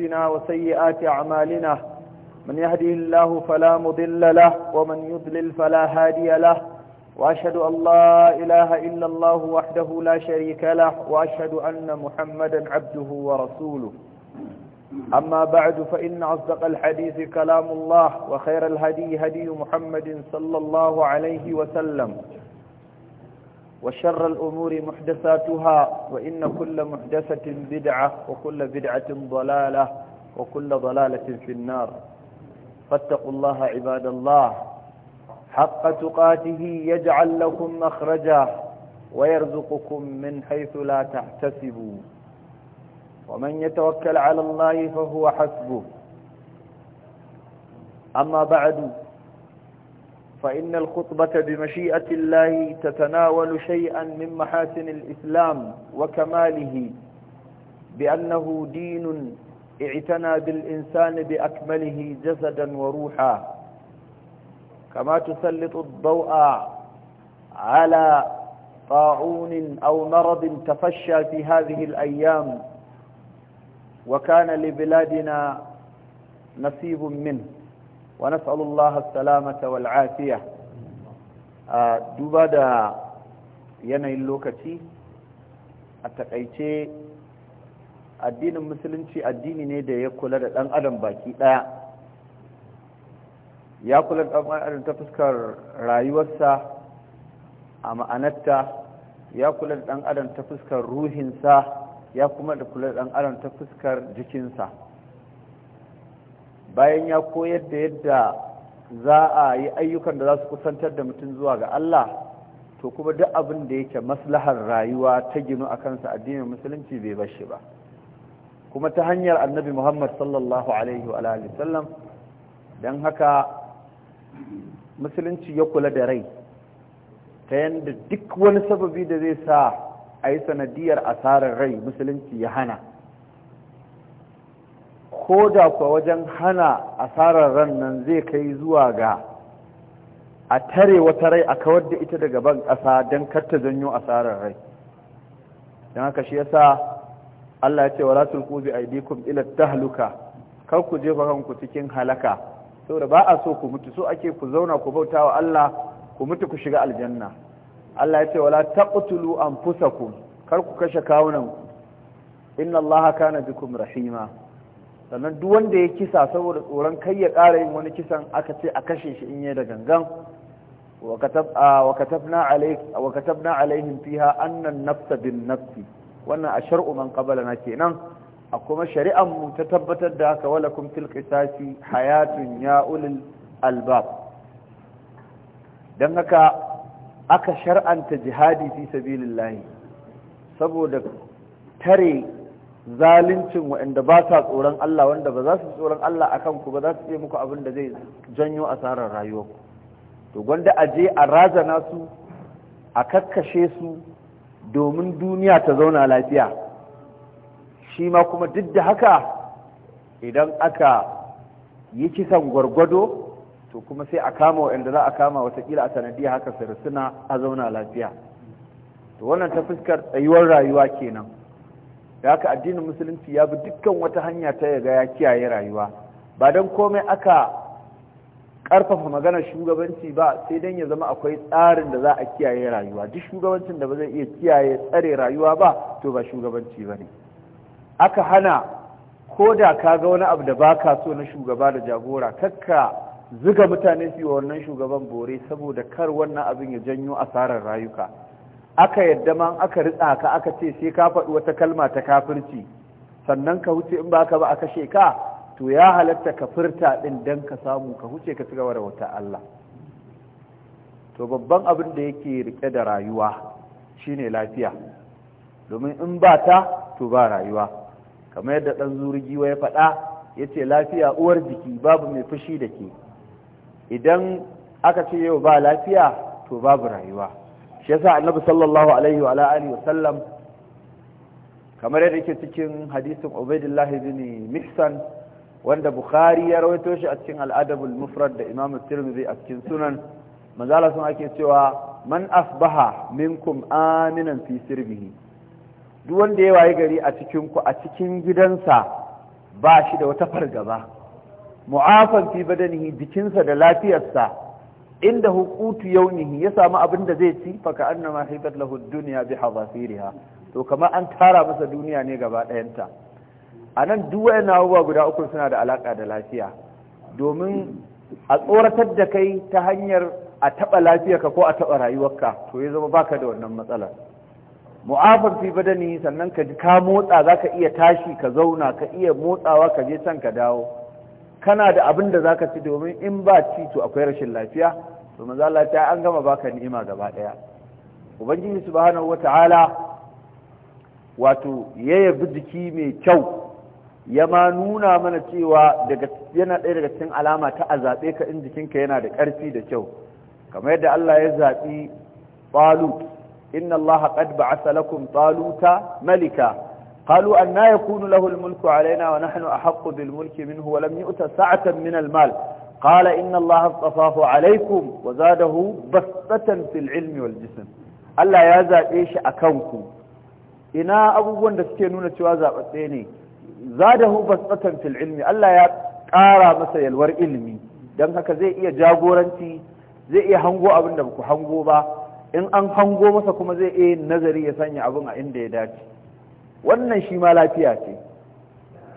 أنفسنا وسيئات أعمالنا من يهدي الله فلا مضل له ومن يضلل فلا هادي له وأشهد أن لا إله إلا الله وحده لا شريك له وأشهد أن محمدا عبده ورسوله أما بعد فإن أصدق الحديث كلام الله وخير الهدي هدي محمد صلى الله عليه وسلم وشر الأمور محدثاتها وإن كل محدثة بدعة وكل بدعة ضلالة وكل ضلالة في النار فاتقوا الله عباد الله حق تقاته يجعل لكم مخرجا ويرزقكم من حيث لا تحتسبوا ومن يتوكل على الله فهو حسبه أما بعد فإن الخطبة بمشيئة الله تتناول شيئا من محاسن الإسلام وكماله بأنه دين اعتنى بالإنسان بأكمله جسدا وروحا كما تسلط الضوء على طاعون أو مرض تفشى في هذه الأيام وكان لبلادنا نصيب منه ونسأل الله wal'afiya a duba da yanayin lokaci a takaice addinin musulunci addini ne da ya kula da ɗan adam baki ɗaya ya kula da ɗan adam ta fuskar rayuwarsa a ma'anarta ya kula da ɗan adam ta fuskar ruhinsa ya kuma da kula da ɗan adam ta fuskar jikinsa bayan ya koyar da yadda za a yi ayyukan da za su kusantar da mutum zuwa ga Allah to kuma duk abin da yake maslahar rayuwa ta ginu a kansa addinin musulunci bai bashi ba kuma ta hanyar annabi muhammad sallallahu alaihi wa sallam don haka musulunci ya kula da rai ta yadda duk wani sababi da zai sa a yi sanadiyar asarar rai musulunci ya hana ko da kuwa wajen hana asarar ran nan zai kai zuwa ga a tare wata rai a kawar da ita daga ban ƙasa don karta janyo asarar rai don haka shi yasa Allah ya ce wa ratul yi aidikum ila tahluka kar ku jefa kanku cikin halaka saboda ba a so ku mutu so ake ku zauna ku bauta wa Allah ku mutu ku shiga aljanna Allah ya ce wala taqtulu anfusakum kar ku kashe kawunan inna Allah kana bikum rahima sannan duk wanda ya kisa saboda tsoron kai ya ƙara yin wani kisan aka ce a kashe shi in yi da gangan wa katabna alaihim fiha annan nafsa bin nafsi wannan a shar'u man na kenan a kuma shari'an mu ta tabbatar da haka wala kum fil qisasi hayatun ya ulul albab dan haka aka shar'anta jihadi fi sabilillah saboda tare zalincin waɗanda ba sa tsoron Allah wanda ba za su tsoron Allah akan ku ba za su iya muku abin da zai janyo asarar rayuwarku to gwanda a je a razana su a kakkashe su domin duniya ta zauna lafiya shi ma kuma duk da haka idan aka yi kisan gwargwado to kuma sai a kama waɗanda za a kama watakila a sanadiyar haka sarasuna a zauna lafiya to wannan ta fuskar tsayuwar rayuwa kenan da haka addinin musulunci ya bi dukkan wata hanya ta yaga ya kiyaye rayuwa ba don komai aka karfafa maganar shugabanci ba sai don ya zama akwai tsarin da za a kiyaye rayuwa duk shugabancin da ba zai iya kiyaye tsare rayuwa ba to ba shugabanci ba ne aka hana ko da ka ga wani abu da ba ka so na shugaba da jagora kakka zuga mutane su yi wa wannan shugaban bore saboda kar wannan abin ya janyo asarar rayuka aka yadda ma aka ritsa ka aka ce sai ka faɗi wata kalma ta kafirci sannan ka huce in ba ka ba a kashe ka to ya halatta ka furta ɗin don ka samu ka huce ka cigaba da wata Allah to babban abin da yake rike da rayuwa shine lafiya domin in ba ta to ba rayuwa kamar yadda ɗan zurgiwa ya faɗa ya ce lafiya uwar jiki babu mai fushi da ke idan aka ce yau ba lafiya to babu rayuwa shi yasa annabi sallallahu alaihi wa alihi wasallam kamar yadda yake cikin hadisin Ubaidillah ibn Mihsan wanda Bukhari ya rawaito shi a cikin Al-Adabul Mufrad da Imam Tirmidhi a cikin Sunan manzala sun ake cewa man asbaha minkum aminan fi sirbihi duk wanda ya waye gari a cikin ku a cikin gidansa ba shi da wata fargaba mu'afan fi badanihi jikinsa da lafiyarsa inda hukutu yaunihi ya samu abin da zai ci faka annama hifat lahu dunya bi hadasiriha to kamar an tara masa duniya ne gaba ɗayanta a nan duk wayannan abubuwa guda uku suna da alaka da lafiya domin a tsoratar da kai ta hanyar a taɓa ka ko a taɓa rayuwarka to ya zama baka da wannan matsalar mu'afar fi badani sannan ka ji ka motsa za ka iya tashi ka zauna ka iya motsawa ka je can ka dawo kana da abin da za ka ci domin in ba ci to akwai rashin lafiya to manzo Allah ta an gama baka ni'ima gaba daya ubangiji subhanahu Ta'ala wato ya yabi jiki mai kyau ya ma nuna mana cewa daga yana ɗaya daga cikin alama ta a zaɓe ka in jikinka yana da ƙarfi da kyau kamar yadda Allah ya zaɓi talut inna Allah qad ba'atha lakum taluta malika قالوا أن يكون له الملك علينا ونحن أحق بالملك منه ولم يؤت سعة من المال قال إن الله اصطفاه عليكم وزاده بسطة في العلم والجسم Allah ya zaɓe shi a kanku ina abubuwan da suke nuna cewa zaɓaɓɓe ne zadahu basatan fil ilmi Allah ya kara masa yalwar ilimi don haka zai iya jagoranci zai iya hango abin da baku hango ba in an hango masa kuma zai iya yin nazari ya sanya abun a inda ya dace wannan shi ma lafiya ce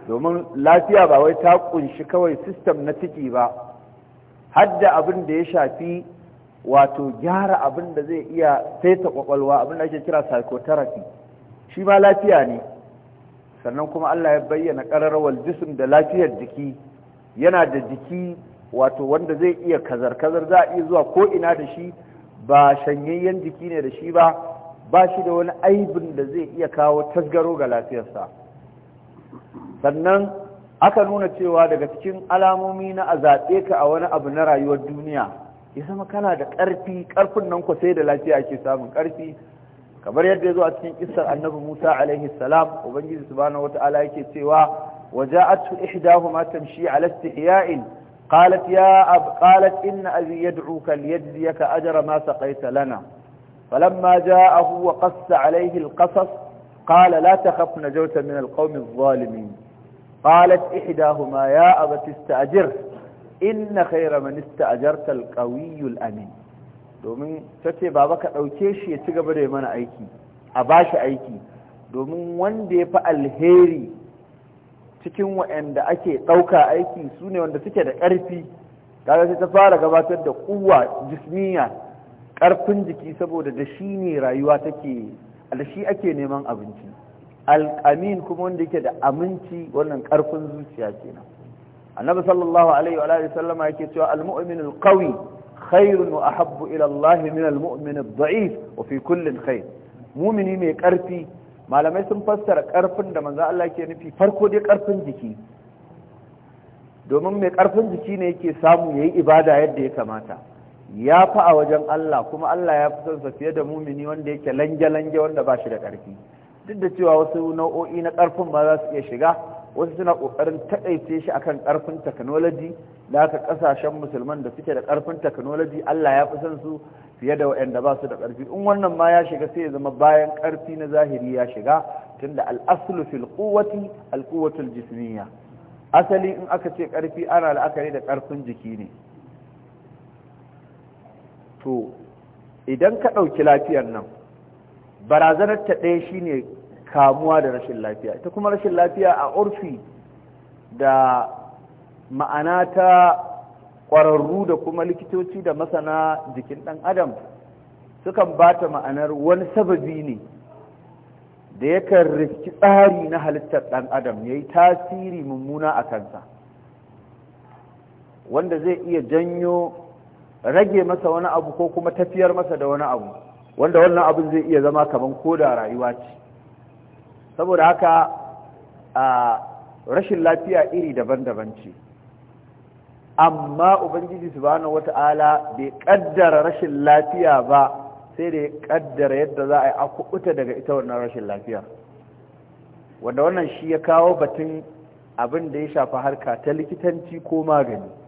domin lafiya ba wai ta kunshi kawai sistem na ciki ba hadda abin da ya shafi wato gyara abin da zai iya saita kwakwalwa abin da ake kira psychotherapy shi ma lafiya ne sannan kuma Allah ya bayyana kararrawar jisim da lafiyar jiki yana da jiki wato wanda zai iya kazar-kazar za a iya zuwa ko ina da shi ba shanyayyen jiki ne da shi ba ba shi da wani aibin da zai iya kawo tasgaro ga lafiyarsa sannan aka nuna cewa daga cikin alamomi na a zaɓe ka a wani abu na rayuwar duniya ya zama kana da ƙarfi ƙarfin nan ku sai da lafiya ake samun ƙarfi kamar yadda ya zo a cikin kisar annabi musa alaihi salam ubangiji wata ala yake cewa وجاءته إحداهما تمشي على استحياء قالت يا أب قالت إن أبي يدعوك ليجزيك أجر ما سقيت lana. فلما جاءه وقص عليه القصص قال لا تخف نجوت من القوم الظالمين قالت إحداهما يا أبت استأجر إن خير من استأجرت القوي الأمين domin tace baba ka ɗauke shi ya ci gaba da mana aiki a bashi aiki domin wanda ya fi alheri cikin waɗanda ake ɗauka aiki su ne wanda suke da ƙarfi kaga sai ta fara gabatar da kuwa jismiya ƙarfin jiki saboda da shi ne rayuwa take da shi ake neman abinci alƙamin kuma wanda yake da aminci wannan ƙarfin zuciya kenan annabi sallallahu alaihi wa alihi sallama yake cewa almu'min alqawi khairun wa ahabbu ila Allah min almu'min ad wa fi kullin khair mu'mini mai ƙarfi malamai sun fassara ƙarfin da manzo Allah yake nufi farko dai ƙarfin jiki domin mai ƙarfin jiki ne yake samu yayi ibada yadda ya kamata ya fi a wajen Allah kuma Allah ya fi sonsa fiye da mumini wanda yake lange-lange wanda ba shi da ƙarfi duk da cewa wasu nau'o'i na ƙarfin ba za su iya shiga wasu suna ƙoƙarin taƙaice shi akan ƙarfin technology da aka ƙasashen musulman da suke da ƙarfin technology Allah ya fi son su fiye da waɗanda ba su da ƙarfi in wannan ma ya shiga sai ya zama bayan ƙarfi na zahiri ya shiga tunda al'aslu fil quwwati al quwwatul jismiyya asali in aka ce ƙarfi ana la'akari da ƙarfin jiki ne to idan ka ɗauki lafiyar nan barazanar ta ɗaya shi ne kamuwa da rashin lafiya ita kuma rashin lafiya a urfi da ma'ana ta ƙwararru da kuma likitoci da masana jikin ɗan adam sukan ba ta ma'anar wani sababi ne da yakan riski tsari na halittar ɗan adam ya yi tasiri mummuna a kansa wanda zai iya janyo rage masa wani abu ko kuma tafiyar masa da wani abu wanda wannan abin zai iya zama kaman koda rayuwa ce saboda haka a rashin lafiya iri daban-daban ce amma ubangiji su wata wata'ala bai kaddara rashin lafiya ba sai da ya kaddara yadda za a yi akuɓuta daga ita wannan rashin lafiya wanda wannan shi ya kawo batun abin da ya shafi harka ta likitanci ko magani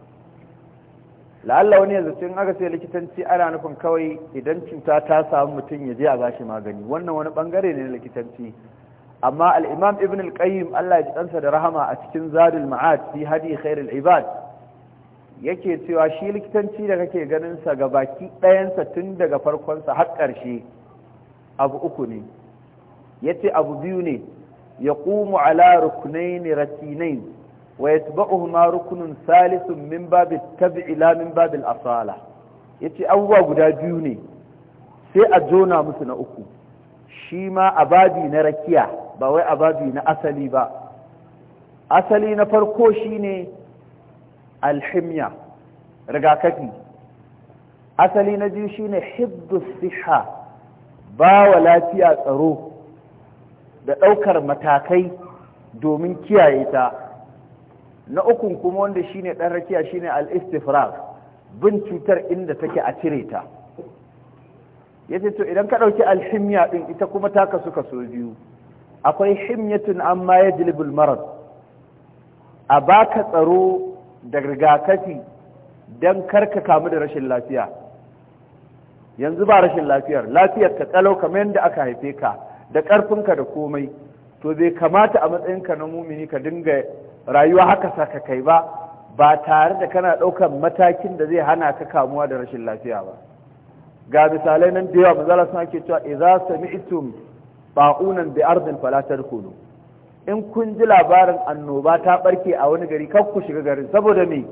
la'alla wani yanzu cin aka sai likitanci ana nufin kawai idan cuta ta samu mutum ya je a bashi magani wannan wani bangare ne na likitanci amma al'imam ibn al Allah ya ji ɗansa da rahama a cikin zadul ma'ad fi hadi khairul ibad yake cewa shi likitanci da kake ganin sa ga baki ɗayansa tun daga farkon sa har ƙarshe abu uku ne yace abu biyu ne yaqumu ala ruknayn ratinayn wa yatba'uhuma rukunun salisun min babi tabi'i la min babi asala yace abubuwa guda biyu ne sai a jona musu na uku shi ma ababi na rakia ba wai ababi na asali ba asali na farko shine alhimya rigakafi asali na biyu shine hibdu siha ba wa lafiya tsaro da ɗaukar matakai domin kiyaye ta na ukun kuma wanda shine dan rakiya shine al-istifrag bin cutar inda take a cire ta yace to idan ka dauki al-himya din ita kuma ta kasu so biyu akwai himyatun amma yajlibul marad a baka tsaro da rigakafi dan karka kamu da rashin lafiya yanzu ba rashin lafiyar lafiyar ka tsalo kamar yadda aka haife ka da karfinka da komai to bai kamata a matsayinka na mumini ka dinga rayuwa haka saka kai ba ba tare da kana ɗaukar matakin da zai hana ka kamuwa da rashin lafiya ba ga misalai nan da yawa manzala suna ke cewa idza sami'tum ba'unan bi ardin fala tadkhulu in kun ji labarin annoba ta barke a wani gari kar ku shiga garin saboda me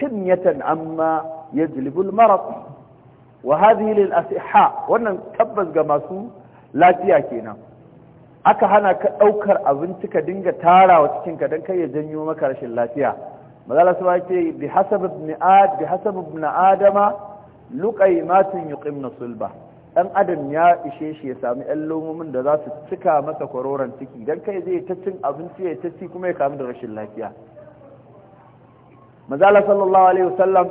himyatan amma yajlibul marad wa hadhihi lil asiha wannan tabbas ga masu lafiya kenan aka hana ka ɗaukar abinci ka dinga wa cikin ka don kai ya janyo maka rashin lafiya mazala su ce bi hasab ibn ad bi hasab ibn adama luqaymatun yuqimna sulba dan adam ya ishe shi ya sami ɗan lomomin da za su cika masa kwaroron ciki don kai zai ta cin abinci ya ta ci kuma ya kamu da rashin lafiya mazala sallallahu alaihi wasallam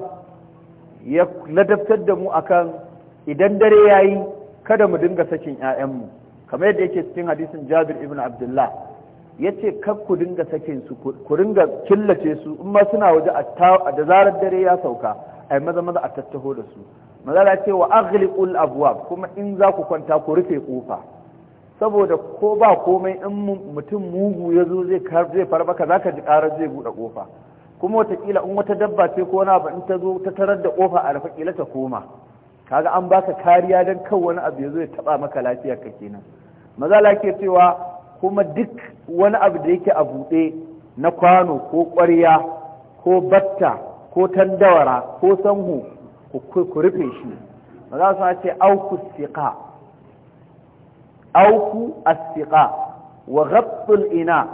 ya ladabtar da mu akan idan dare yayi kada mu dinga sakin 'ya'yanmu kamar yadda yake cikin hadisin jabir ibn abdullah yace ce kar ku dinga sakin su ku dinga killace su in ma suna waje da zarar dare ya sauka ai maza maza a tattaho da su maza da ce wa aghliqul abwab kuma in za ku kwanta ku rufe kofa saboda ko ba komai in mutum mugu ya zo zai zai farba za zaka ji karar zai bude kofa kuma watakila in wata dabba ce ko wani abu in ta zo ta tarar da kofa a rufe kila ta koma kaga an baka kariya dan kan wani abu ya zo ya taba maka lafiyar ka kenan mazala ke cewa kuma duk wani abu da yake a buɗe na kwano ko ƙwarya ko batta ko tandawara ko sanhu ku rufe shi maza su ce auku siƙa auku siƙa wa ghafful ina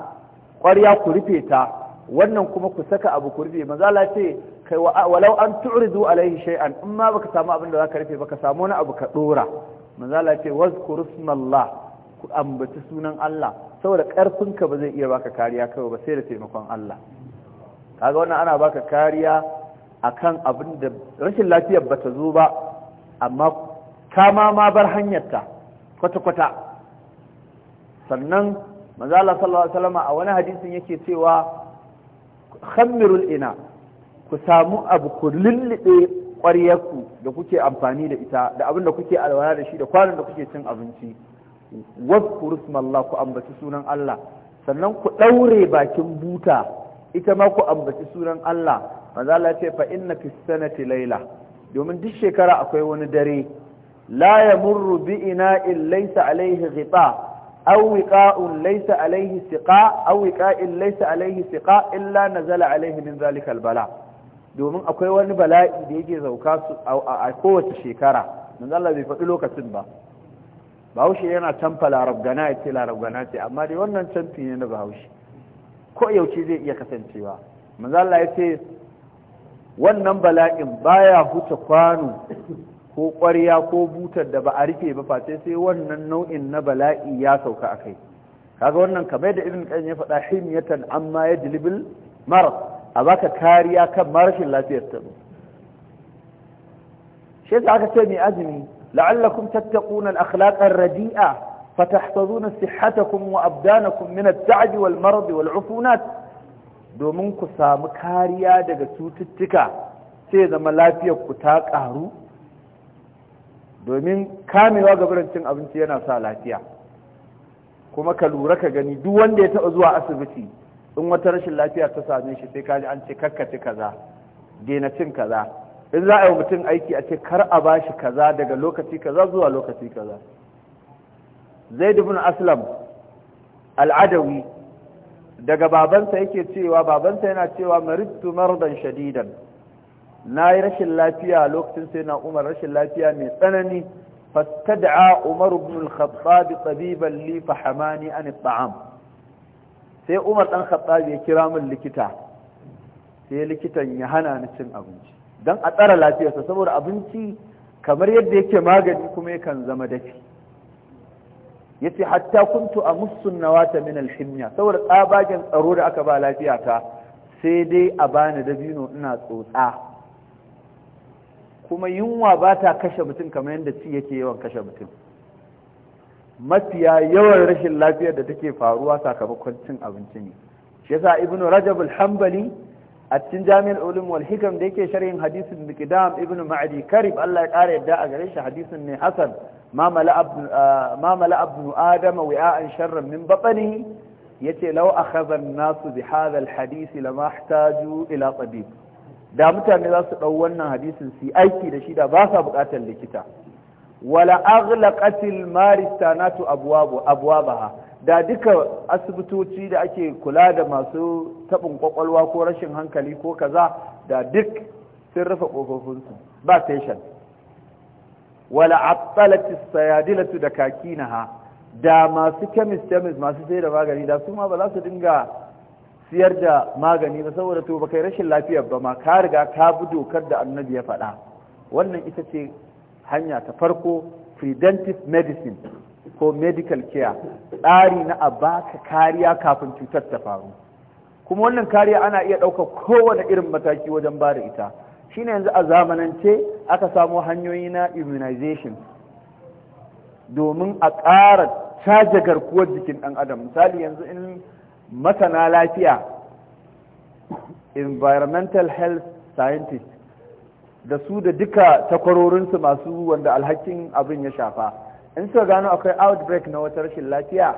ƙwarya ku rufe ta wannan kuma ku saka abu ku rufe mazala ce kai walau an tu'ridu alaihi shay'an in ma baka samu abin da za ka rufe baka samu wani abu ka dora mazala ce wazkur ismallah ku ambaci sunan Allah saboda ƙarfinka ba zai iya baka kariya kawai ba sai da taimakon Allah kaga wannan ana baka kariya akan abin da rashin lafiyar bata zo ba amma kama ma bar hanyarta kwata-kwata sannan manzo Allah sallallahu alaihi wasallam a wani hadisin yake cewa khammirul ina ku samu abu ku lullube ƙwaryarku da kuke amfani da ita da abin da kuke alwara da shi da kwanan da kuke cin abinci wasu Allah ku ambaci sunan Allah sannan ku ɗaure bakin buta ita ma ku ambaci sunan Allah manzala ce fa inna fi sanati laila domin duk shekara akwai wani dare la yamurru bi ina'in laysa alayhi ghita aw wiqa'un laysa alayhi siqa aw wiqa'in laysa alayhi siqa illa nazala alayhi min zalika bala domin akwai wani bala'i da yake zauka a kowace shekara manzala bai faɗi lokacin ba bahaushe yana tamfa larabgana ya ce larabgana ce amma dai wannan canfi ne na bahaushe ko yaushe zai iya kasancewa manzala ya ce wannan bala'in baya huta kwano ko ƙwarya ko butar da ba a rufe ba face sai wannan nau'in na bala'i ya sauka a kai kaga wannan kamar da irin kan ya faɗa himyatan amma ya dilibil mara a baka kariya kan marashin lafiyar ta shi yasa aka ce mai azumi la'allakum tattaquna al-akhlaq ar-radi'a fatahfazuna sihhatakum wa abdanakum min at-ta'b wal marad wal ufunat domin ku samu kariya daga cututtuka sai zama lafiyar ku ta karu domin kamewa gabarin cin abinci yana sa lafiya kuma ka lura ka gani duk wanda ya taɓa zuwa asibiti in wata rashin lafiya ta same shi sai kaji an ce kakkaci kaza daina cin kaza in za a yi mutum aiki a ce kar a bashi kaza daga lokaci kaza zuwa lokaci kaza zai ibn aslam al'adawi daga babansa yake cewa babansa yana cewa maritu mardan shadidan na yi rashin lafiya lokacin sai na umar rashin lafiya mai tsanani fastad'a umar ibn al-khattab tabiban li hamani an at'am sai umar dan khattab ya kira min likita sai likitan ya hana ni cin abinci don a tsara lafiyarsa saboda abinci kamar yadda yake magani kuma yakan zama dafi yace hatta kuntu a wata min alhimya saboda tsabagen tsaro da aka ba lafiyata sai dai a bani dabino ina tsotsa kuma yunwa ba ta kashe mutum kamar yadda ci yake yawan kashe mutum mafiya yawan rashin lafiyar da take faruwa sakamakon cin abinci ne shi yasa ibnu rajab al-hanbali a cikin jami'ar ulum wal da yake sharhin hadisin miqdam ibn ma'adi karib Allah ya kara yadda a gare shi hadisin ne hasan ma mala ah, adama adama an sharran min batnihi yace lau a an-nas bi hadha al-hadith lama ila tabib da mutane za su dau wannan hadisin su aiki da shi da ba sa bukatar likita wala aghlaqatil maristanatu abwabu abwabaha da duka asibitoci da ake kula da masu tabin kwakwalwa ko rashin hankali ko kaza da duk sun rufe kofofinsu ba station wala attalati sayadilatu da kakinaha da masu chemist chemist masu sai da magani da su ma ba za su dinga siyar da magani ba saboda to ba kai rashin lafiyar ba ma ka riga ka bi dokar da annabi ya faɗa wannan ita ce hanya ta farko preventive medicine ko medical care tsari na a baka kariya kafin cutar ta faru kuma wannan kariya ana iya ɗaukar kowane irin mataki wajen ba da ita ne yanzu a zamanance aka samo hanyoyi na immunization domin a ƙara caje garkuwar jikin ɗan adam misali yanzu in masana lafiya environmental health scientist da su da duka takwarorinsu masu wanda alhakin abin ya shafa in suka gano akwai outbreak na wata rashin lafiya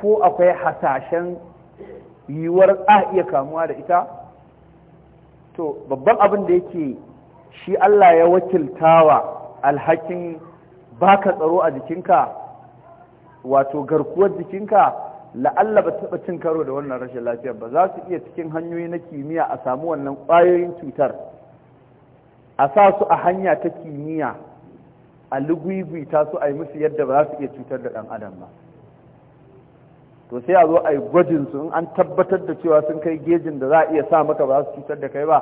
ko akwai hasashen yiwuwar a iya kamuwa da ita to babban abin da yake shi Allah ya wakiltawa alhakin baka tsaro a jikinka wato garkuwar jikinka la'alla ba taɓa cin karo da wannan rashin lafiyar ba za su iya cikin hanyoyi na kimiyya a samu wannan ƙwayoyin cutar a sa su a hanya ta kimiyya a lugwigwita su a yi musu yadda ba za su iya cutar da ɗan adam ba to sai a zo a yi gwajin su in an tabbatar da cewa sun kai gejin da za a iya sa maka ba za su cutar da kai ba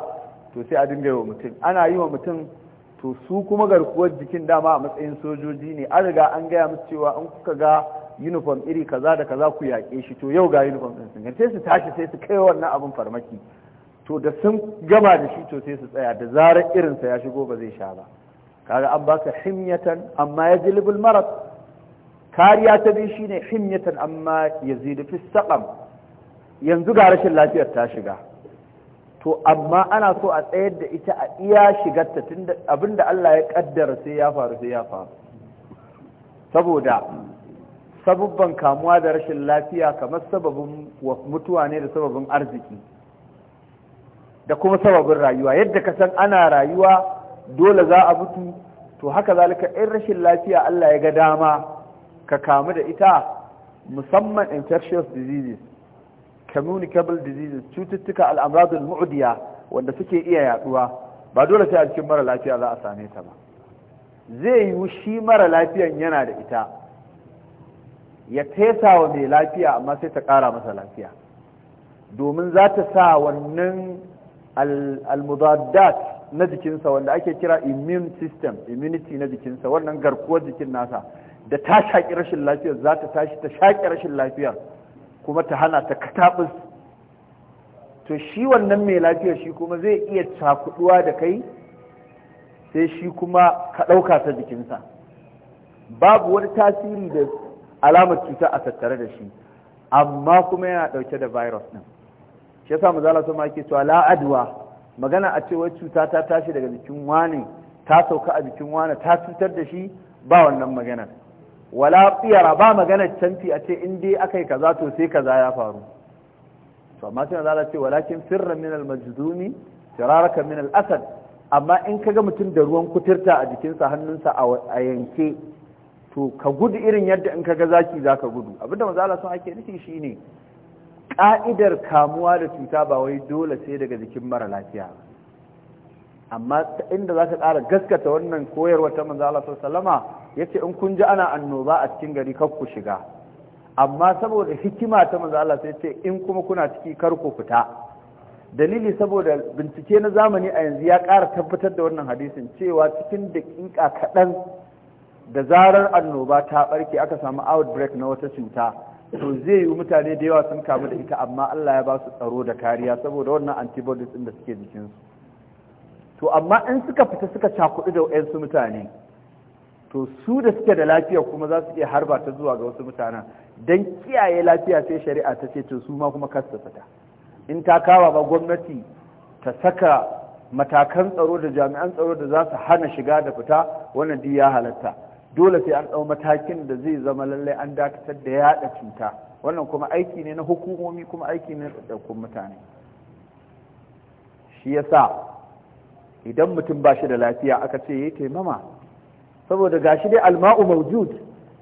to sai a dinga yi wa mutum ana yi wa mutum to su kuma garkuwar jikin dama a matsayin sojoji ne an riga an gaya musu cewa in kuka ga uniform iri kaza da kaza ku yaƙe shi to yau ga uniform ɗin sun sai su tashi sai su kai wannan abin farmaki to da sun gama da shi to sai su tsaya da zarar irinsa ya shigo ba zai sha ba kaga an baka himyatan amma yajlibul marad kariya ta biyu shine himyatan amma yazidu fi saqam yanzu ga rashin lafiyar ta shiga to amma ana so a tsayar da ita a iya ta tunda abinda Allah ya kaddara sai ya faru sai ya faru saboda sabubban kamuwa da rashin lafiya kamar sababin mutuwa ne da sababin arziki da kuma sababin rayuwa yadda ka san ana rayuwa dole za a mutu to haka zalika in rashin lafiya Allah ya ga dama ka kamu da ita musamman infectious diseases communicable diseases cututtuka al'amradun mu'udiya wanda suke iya yaduwa ba dole sai a cikin mara lafiya za a same ta ba zai yiwu shi mara lafiyan yana da ita ya tesa wa mai lafiya amma sai ta kara masa lafiya domin za ta sa wannan al-mudaddat na jikinsa wanda ake kira immune system immunity na jikinsa wannan garkuwar jikin nasa da ta shaƙi rashin lafiyar za ta tashi ta shaƙi rashin lafiyar kuma ta hana ta kataɓis to shi wannan mai lafiyar shi kuma zai iya cakuɗuwa da kai sai shi kuma ka ɗauka ta jikinsa babu wani tasiri da alamar cuta a tattare da shi amma kuma yana ɗauke da virus ɗin shi yasa mu zala sama ake cewa la magana a cewa cuta ta tashi daga jikin wani ta sauka a jikin wani ta cutar da shi ba wannan magana wala tsiyara ba magana canfi a ce in dai aka yi kaza to sai kaza ya faru to amma sai Allah ce walakin sirran min al-majdumi siraraka min al-asad amma in kaga mutum da ruwan kuturta a jikinsa hannunsa a yanke to ka gudu irin yadda in kaga zaki zaka gudu abinda manzo Allah ake nufi shine ka'idar kamuwa da cuta ba wai dole sai daga jikin mara lafiya amma inda za ka ƙara gaskata wannan koyarwa ta manzo Allah sallama yace in kun ji ana annoba a cikin gari kar ku shiga amma saboda hikima ta manzo Allah sai ce in kuma kuna ciki kar ku fita dalili saboda bincike na zamani a yanzu ya ƙara tabbatar da wannan hadisin cewa cikin daƙiƙa kaɗan da zarar annoba ta ɓarke aka samu outbreak na wata cuta to zai yi mutane da yawa sun kamu da ita amma Allah ya ba su tsaro da kariya saboda wannan antibodies ɗin da suke jikinsu to amma in suka fita suka cakuɗu da wayansu mutane to su da suke da lafiya kuma za su iya harba ta zuwa ga wasu mutanen don kiyaye lafiya sai shari'a ta ce to su ma kuma kasta fita. in ta kawa ba gwamnati ta saka matakan tsaro da jami'an tsaro da za su hana shiga da fita wannan duk ya halatta dole sai an ɗau matakin da zai zama lallai an dakatar da yaɗa cuta wannan kuma aiki ne na hukumomi kuma aiki ne na ɗaukun mutane shi sa idan mutum ba shi da lafiya aka ce ya taimama saboda gashi dai alma'u mawjud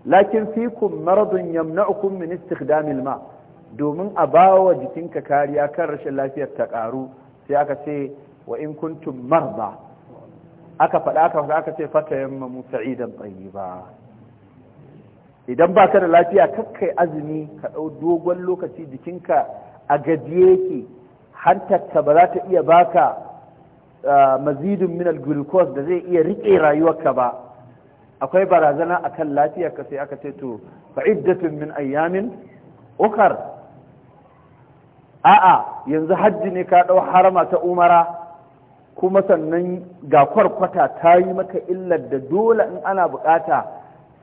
lakin fikum maradun yamna'ukum min istikhdamil ma domin a bawa jikinka kariya kan rashin lafiyar ta ƙaru sai aka ce wa in kuntum marda aka faɗa aka faɗa aka ce fata yamma musa idan tsayi ba idan ba ka da lafiya kakkai azumi ka ɗau dogon lokaci jikinka a gajiye yake hantarka ba za ta iya baka mazidin minal glucose da zai iya riƙe rayuwarka ba akwai barazana akan lafiyarka sai aka ce to fa'iddatun min ayyamin ukar a'a yanzu hajji ne ka ɗau harama ta umara kuma sannan ga kwarkwata ta yi maka illar da dole in ana bukata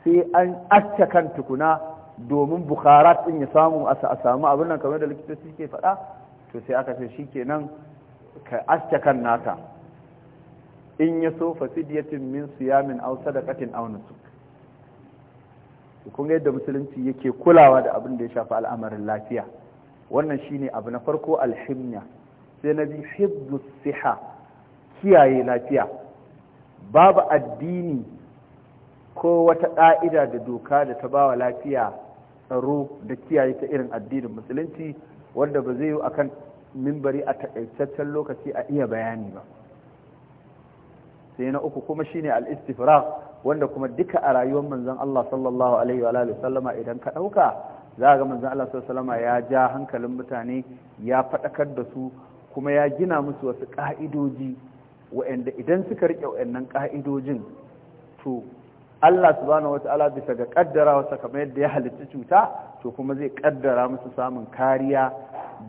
sai an acce kan tukuna domin bukharat ɗin ya samu a samu abin nan kamar da likitoci ke faɗa to sai aka ce shikenan ka aske kan naka in ya so fasidiyatin min siyamin aw sadaqatin aw nusuk kun ga yadda musulunci yake kulawa da abin da ya shafi al'amarin lafiya wannan shine abu na farko alhimya sai na bi hibdus siha kiyaye lafiya babu addini ko wata ƙa'ida da doka da ta bawa lafiya tsaro da kiyaye ta irin addinin musulunci wanda ba zai yi kan mimbari a takaitaccen lokaci a iya bayani ba sai na uku kuma shine al istifra wanda kuma duka a rayuwar manzon Allah sallallahu alaihi wa sallama idan ka ɗauka za a ga manzon Allah sallallahu alaihi ya ja hankalin mutane ya faɗakar da su kuma ya gina musu wasu ƙa'idoji. wa'anda idan suka riƙe wa'annan ƙa'idojin to Allah subhanahu wata'ala bisa ga kaddarawa kamar yadda ya halitta cuta to kuma zai kaddara musu samun kariya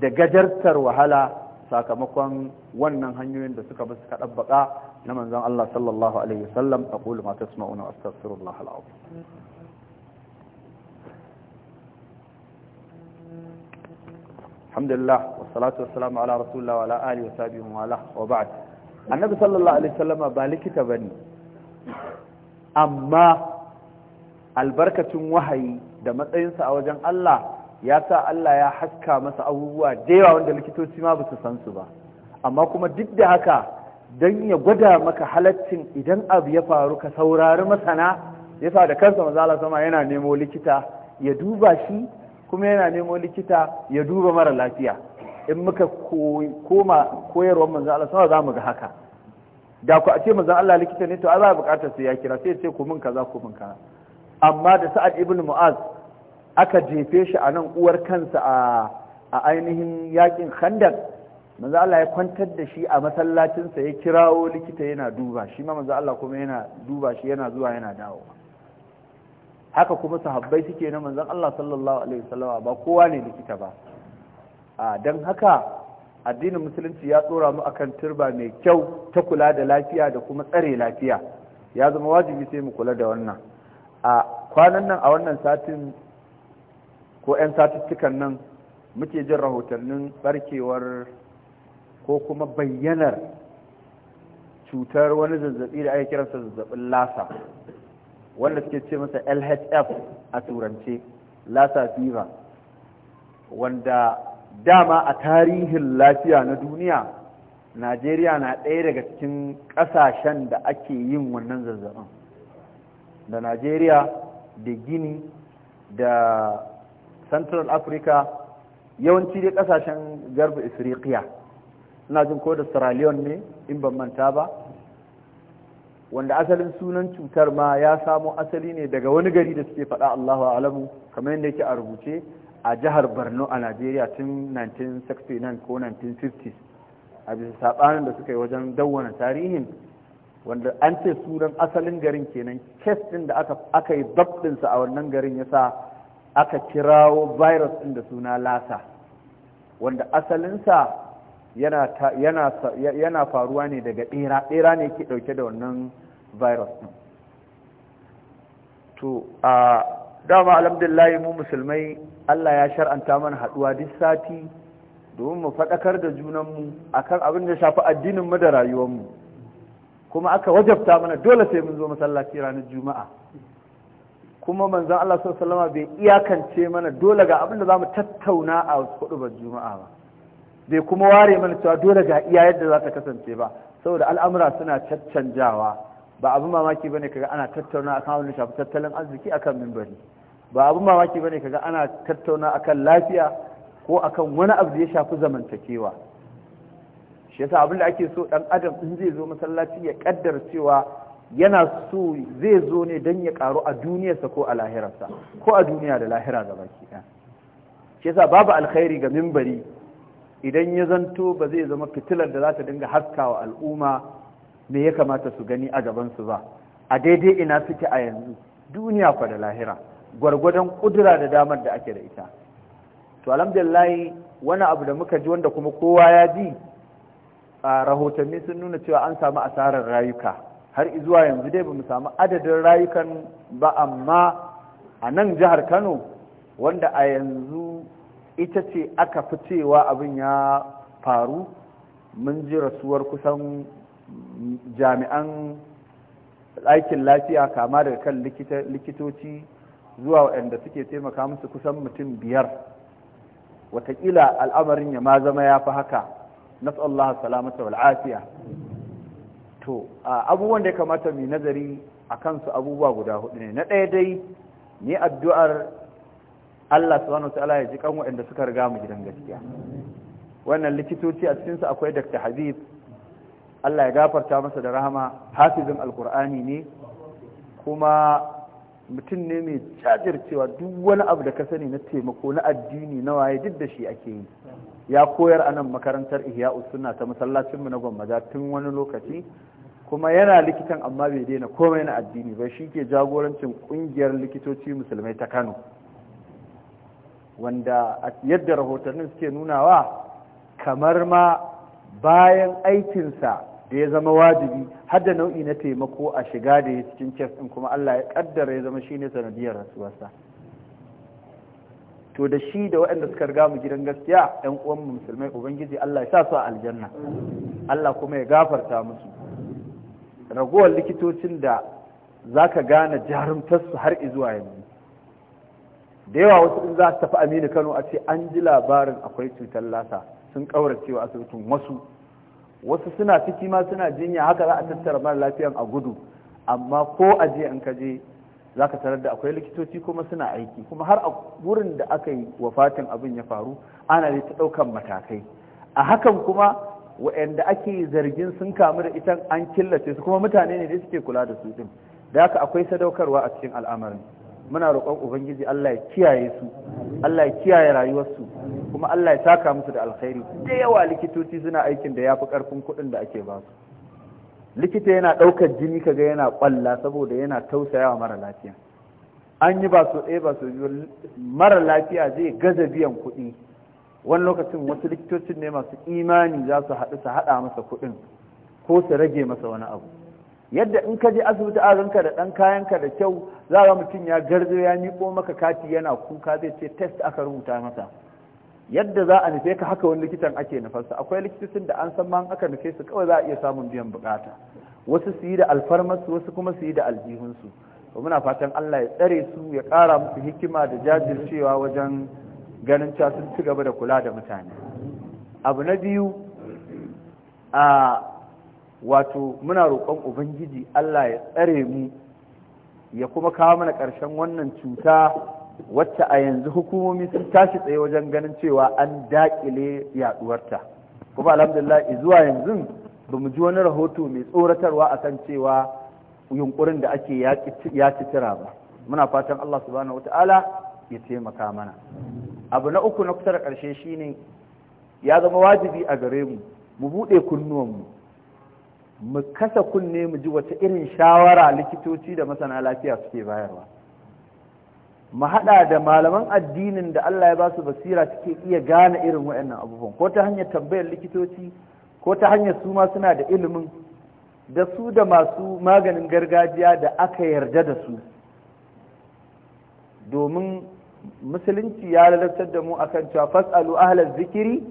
da gajartar wahala sakamakon wannan hanyoyin da suka bi suka dabbaka na manzon Allah sallallahu alaihi wasallam aqulu ma tasma'una astaghfirullah alazim alhamdulillah wassalatu wassalamu ala rasulillah wa ala alihi wa sahbihi wa ala wa ba'd annabi sallallahu alaihi wasallama ba likita bane amma albarkacin wahayi da matsayinsa a wajen Allah ya sa Allah ya haska masa abubuwa da yawa wanda likitoci ma basu san su ba amma kuma duk da haka dan ya gwada maka halaccin idan abu ya faru ka saurari masana yasa da kansa mazala sama yana nemo likita ya duba shi kuma yana nemo likita ya duba mara lafiya in muka koma koyarwar manzan Allah sama za mu ga haka da ku a ce manzan Allah likita ne to a za a bukatar sai ya kira sai ce ku min kaza ku min kaza amma da sa'ad ibn mu'az aka jefe shi a nan uwar kansa a ainihin yakin khandak manzan Allah ya kwantar da shi a masallacinsa ya kirawo likita yana duba shi ma manzan Allah kuma yana duba shi yana zuwa yana dawo haka kuma sahabbai suke na manzan Allah sallallahu alaihi wasallam ba kowa ne likita ba a don haka addinin musulunci ya tsora mu akan turba mai kyau ta kula da lafiya da kuma tsare lafiya ya zama wajibi sai mu kula da wannan a kwanan nan a wannan satin ko 'yan satistikan nan muke jin rahotannin barkewar ko kuma bayyanar cutar wani zazzabi da ake kiransa zazzabin lasa wanda suke ce masa lhf a turance lasa fever wanda dama a tarihin lafiya na duniya najeriya na ɗaya daga cikin ƙasashen da ake yin wannan zazzabin da najeriya da gini da central africa yawanci dai ƙasashen garba Isirikiya. ina jin ko da sierra ne in ban manta ba wanda asalin sunan cutar ma ya samo asali ne daga wani gari da suke faɗa allahu alamu kamar yadda yake a rubuce a jihar borno a najeriya tun 1969 ko 1950 a bisa saɓanin da suka yi wajen dawwana tarihin wanda an ce sunan asalin garin kenan kes ɗin da aka yi babdinsa a wannan garin yasa aka kirawo virus ɗin da suna lasa wanda asalinsa yana faruwa ne daga ɗera ɗera ne ke ɗauke da wannan virus ɗin to a dama alhamdulillah mu musulmai Allah ya shar'anta mana haduwa duk sati domin mu faɗakar da junan mu akan abin da shafi addinin mu da mu kuma aka wajabta mana dole sai mun zo masallaci ranar juma'a kuma manzon Allah sallallahu alaihi bai iyakance mana dole ga abin da zamu tattauna a hudubar juma'a ba bai kuma ware mana cewa dole ga iya yadda za ta kasance ba saboda al'amura suna caccanjawa ba abin mamaki bane kaga ana tattauna akan abin shafi tattalin arziki akan mimbari ba abin mamaki bane kaga ana tattauna akan lafiya ko akan wani abu da ya shafi zamantakewa shi yasa abin da ake so dan adam in zai zo masallaci ya ƙaddar cewa yana so zai zo ne dan ya karu a duniyarsa ko a lahirarsa ko a duniya da lahira gaba ki shi yasa babu alkhairi ga mimbari idan ya zanto ba zai zama fitilar da za ta dinga haskawa al'umma me ya kamata su gani a gabansu ba a daidai ina suke a yanzu duniya fa da lahira gwargwadon kudura da damar da ake da ita to alhamdulillah wani abu da muka ji wanda kuma kowa ya ji a rahotanni sun nuna cewa an samu asarar rayuka har zuwa yanzu dai bamu samu adadin rayukan ba amma a nan jihar Kano wanda a yanzu ita ce aka fi cewa abin ya faru mun ji rasuwar kusan jami'an ɗakin lafiya kama daga kan likitoci zuwa waɗanda suke taimaka musu kusan mutum biyar watakila al'amarin ya ma zama ya fi haka nas'allahu salamata wal afiya to abubuwan da ya kamata mu nazari a kansu abubuwa guda hudu ne na ɗaya dai ni addu'ar Allah subhanahu ta'ala ya ji kan waɗanda suka riga mu gidan gaskiya wannan likitoci a cikinsu akwai Dr. Habib Allah ya gafarta masa da rahama hafizin alkur'ani ne kuma mutum ne mai jajircewa duk wani abu da ka sani na taimako na addini na waye duk da shi ake yi ya koyar a nan makarantar ihya Usuna ta masallacinmu na gwammaja tun wani lokaci kuma yana likitan amma bai daina komai na addini ba shi ke jagorancin kungiyar likitoci musulmai ta kano wanda yadda rahotannin suke nunawa kamar ma bayan aikinsa da ya zama wajibi hadda nau'i na taimako a shiga da ya cikin kes ɗin kuma Allah ya kaddara ya zama shine sanadiyar rasuwarsa to da shi da waɗanda suka riga mu gidan gaskiya ɗan uwan musulmai ubangiji Allah ya sa su a aljanna Allah kuma ya gafarta musu ragowar likitocin da zaka gane su har izuwa yanzu da yawa wasu in za su tafi Aminu Kano a ce an ji labarin akwai cutar lasa sun kauracewa asibitin wasu wasu suna ciki ma suna jinya haka za a tattara mara lafiyan a gudu amma ko a je in ka je za ka tarar da akwai likitoci kuma suna aiki kuma har a wurin da aka yi wafatin abin ya faru ana da ta ɗaukan matakai a hakan kuma waɗanda ake zargin sun kamu da ita an killace su kuma mutane ne da suke kula da su din da haka akwai sadaukarwa a cikin al'amarin muna roƙon ubangiji Allah ya kiyaye su Allah ya kiyaye rayuwarsu kuma Allah ya saka musu da alkhairi da yawa likitoci suna aikin da yafi karfin kuɗin da ake ba su likita yana ɗaukar jini kaga yana ƙwalla saboda yana tausayawa mara lafiya an yi ba so ɗaya ba so biyu mara lafiya zai gaza biyan kuɗi wani lokacin wasu likitocin ne masu imani za su haɗu su haɗa masa kuɗin ko su rage masa wani abu yadda in ka je asibiti ka da ɗan kayan ka da kyau za ga mutum ya garzo ya miƙo maka kati yana kuka zai ce test aka rubuta masa yadda za a nufe ka haka wani likitan ake nufarsa akwai likitocin da an san ma aka nufe su kawai za a iya samun biyan bukata wasu su yi da alfarmarsu wasu kuma su yi da aljihunsu to muna fatan Allah ya tsare su ya ƙara musu hikima da jajircewa wajen ganin cewa sun ci gaba da kula da mutane abu na biyu a wato muna roƙon ubangiji Allah ya tsare mu ya kuma kawo mana ƙarshen wannan cuta wacce a yanzu hukumomi sun tashi tsaye wajen ganin cewa an daƙile yaduwarta kuma alhamdulillah zuwa yanzu ba mu ji wani rahoto mai tsoratarwa a kan cewa yunkurin da ake ya ci ba muna fatan Allah subhanahu wata'ala ya taimaka mana abu na uku na kusa da ƙarshe shine ya zama wajibi a gare mu mu buɗe kunnuwanmu mu kasa kunne mu ji wata irin shawara likitoci da masana lafiya suke bayarwa mu haɗa da malaman addinin da Allah ya basu basira suke iya gane irin waɗannan abubuwan ko ta hanyar tambayar likitoci ko ta hanyar su ma suna da ilimin da su da masu maganin gargajiya da aka yarda da su domin musulunci ya lalatar da mu akan cewa fasalu ahlaz zikiri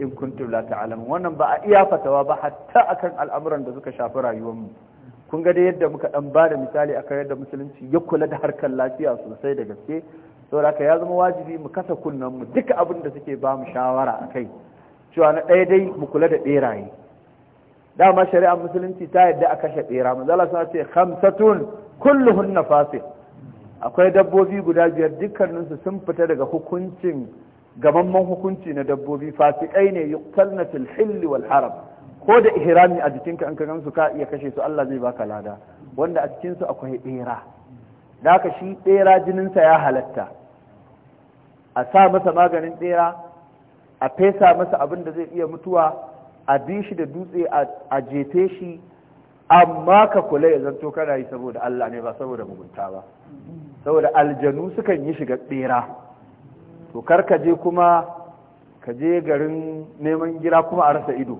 in kuntum la ta'lamun wannan ba a iya fatawa ba hatta akan al'amuran da suka shafi rayuwar mu kun ga dai yadda muka dan ba da misali akan yadda musulunci ya kula da harkar lafiya sosai da gaske saboda haka ya zama wajibi mu kasa kunnan mu duka abin da suke ba mu shawara akai cewa na ɗaya dai mu kula da beraye dama shari'ar musulunci ta yadda a kashe mu manzala sa ce khamsatun kulluhunna nafasi akwai dabbobi guda biyar dukkaninsu sun fita daga hukuncin gamamman hukunci na dabbobi fasikai ne yuqtalna fil hilli wal haram ko da ihrami a jikinka in ka gamsu ka iya kashe su Allah zai baka lada wanda a cikin su akwai ɗera da haka shi jinin jininsa ya halatta a sa masa maganin ɗera a fesa masa abin da zai iya mutuwa a bi shi da dutse a jefe shi amma ka kula ya zanto kana yi saboda Allah ne ba saboda mugunta ba saboda aljanu sukan yi shiga bera to kar ka je kuma ka je garin neman gira kuma a rasa ido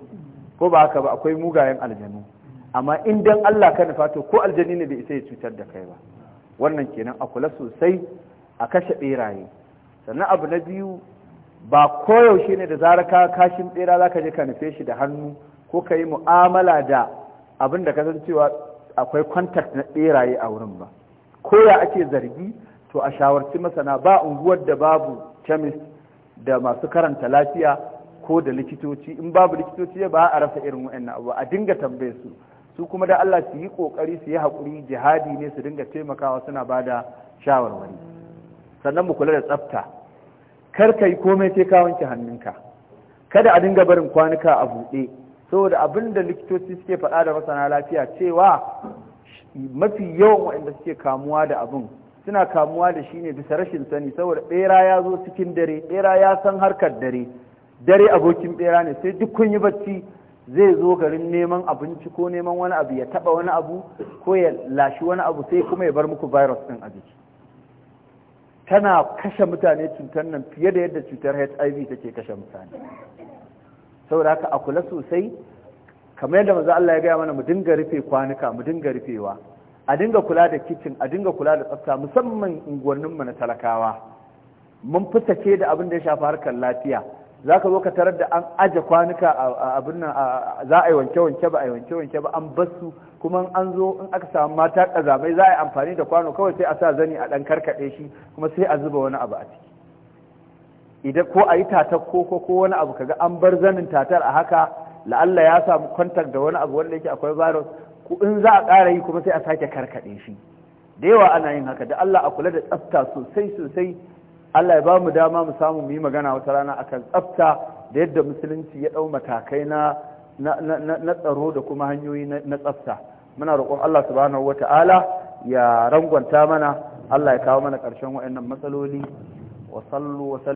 ko ba haka ba akwai mugayen aljanu amma in dan Allah ka nufa to ko aljani ne bai isa ya cutar da kai ba wannan kenan a kula sosai a kashe beraye sannan abu na biyu ba koyaushe ne da zarar ka kashin bera zaka je ka nufe shi da hannu ko ka yi mu'amala da abin da ka san cewa akwai kwantar na beraye a wurin ba ko ya ake zargi to a shawarci masana ba unguwar da babu chemist da masu karanta lafiya ko da likitoci in babu likitoci ba a rasa irin wa'in abu a dinga tambaye su su kuma da Allah su yi kokari su yi haƙuri jihadi ne su dinga taimakawa suna ba da shawarwari sannan mu kula da tsafta kar ka yi komai sai ka wanke hannunka kada a dinga barin kwanuka a buɗe saboda abin da likitoci suke faɗa da masana lafiya cewa mafi yawan waɗanda suke kamuwa da abin suna kamuwa da shi ne bisa rashin sani saboda ɓera ya zo cikin dare ɓera ya san harkar dare dare abokin bera ne sai duk kun yi bacci zai zo garin neman abinci ko neman wani abu ya taba wani abu ko ya lashi wani abu sai kuma ya bar muku virus din a jiki tana kashe mutane cutar nan fiye da yadda cutar HIV take kashe mutane saboda haka a kula sosai kamar yadda maza Allah ya gaya mana mu dinga rufe kwanuka mu dinga rufewa a dinga kula da kitchen a dinga kula da tsafta musamman unguwanninmu na talakawa mun fi sake da abin da ya shafi harkar lafiya za ka zo ka tarar da an aje kwanuka a abin nan za a yi wanke-wanke ba a yi wanke-wanke ba an basu kuma an zo in aka samu mata kazamai za a yi amfani da kwano kawai sai a sa zani a ɗan karkaɗe shi kuma sai a zuba wani abu a ciki idan ko a yi tatar ko ko wani abu kaga an bar zanin tatar a haka la'alla ya samu kwantar da wani abu wanda yake akwai virus ku in za a ƙara yi kuma sai a sake karkaɗe shi da yawa ana yin haka da Allah a kula da tsafta sosai sosai Allah ya ba mu dama mu samu mu yi magana wata rana akan tsafta da yadda musulunci ya ɗau matakai na na tsaro da kuma hanyoyi na tsafta muna roƙon Allah subhanahu wata'ala ya rangwanta mana Allah ya kawo mana ƙarshen waɗannan matsaloli wa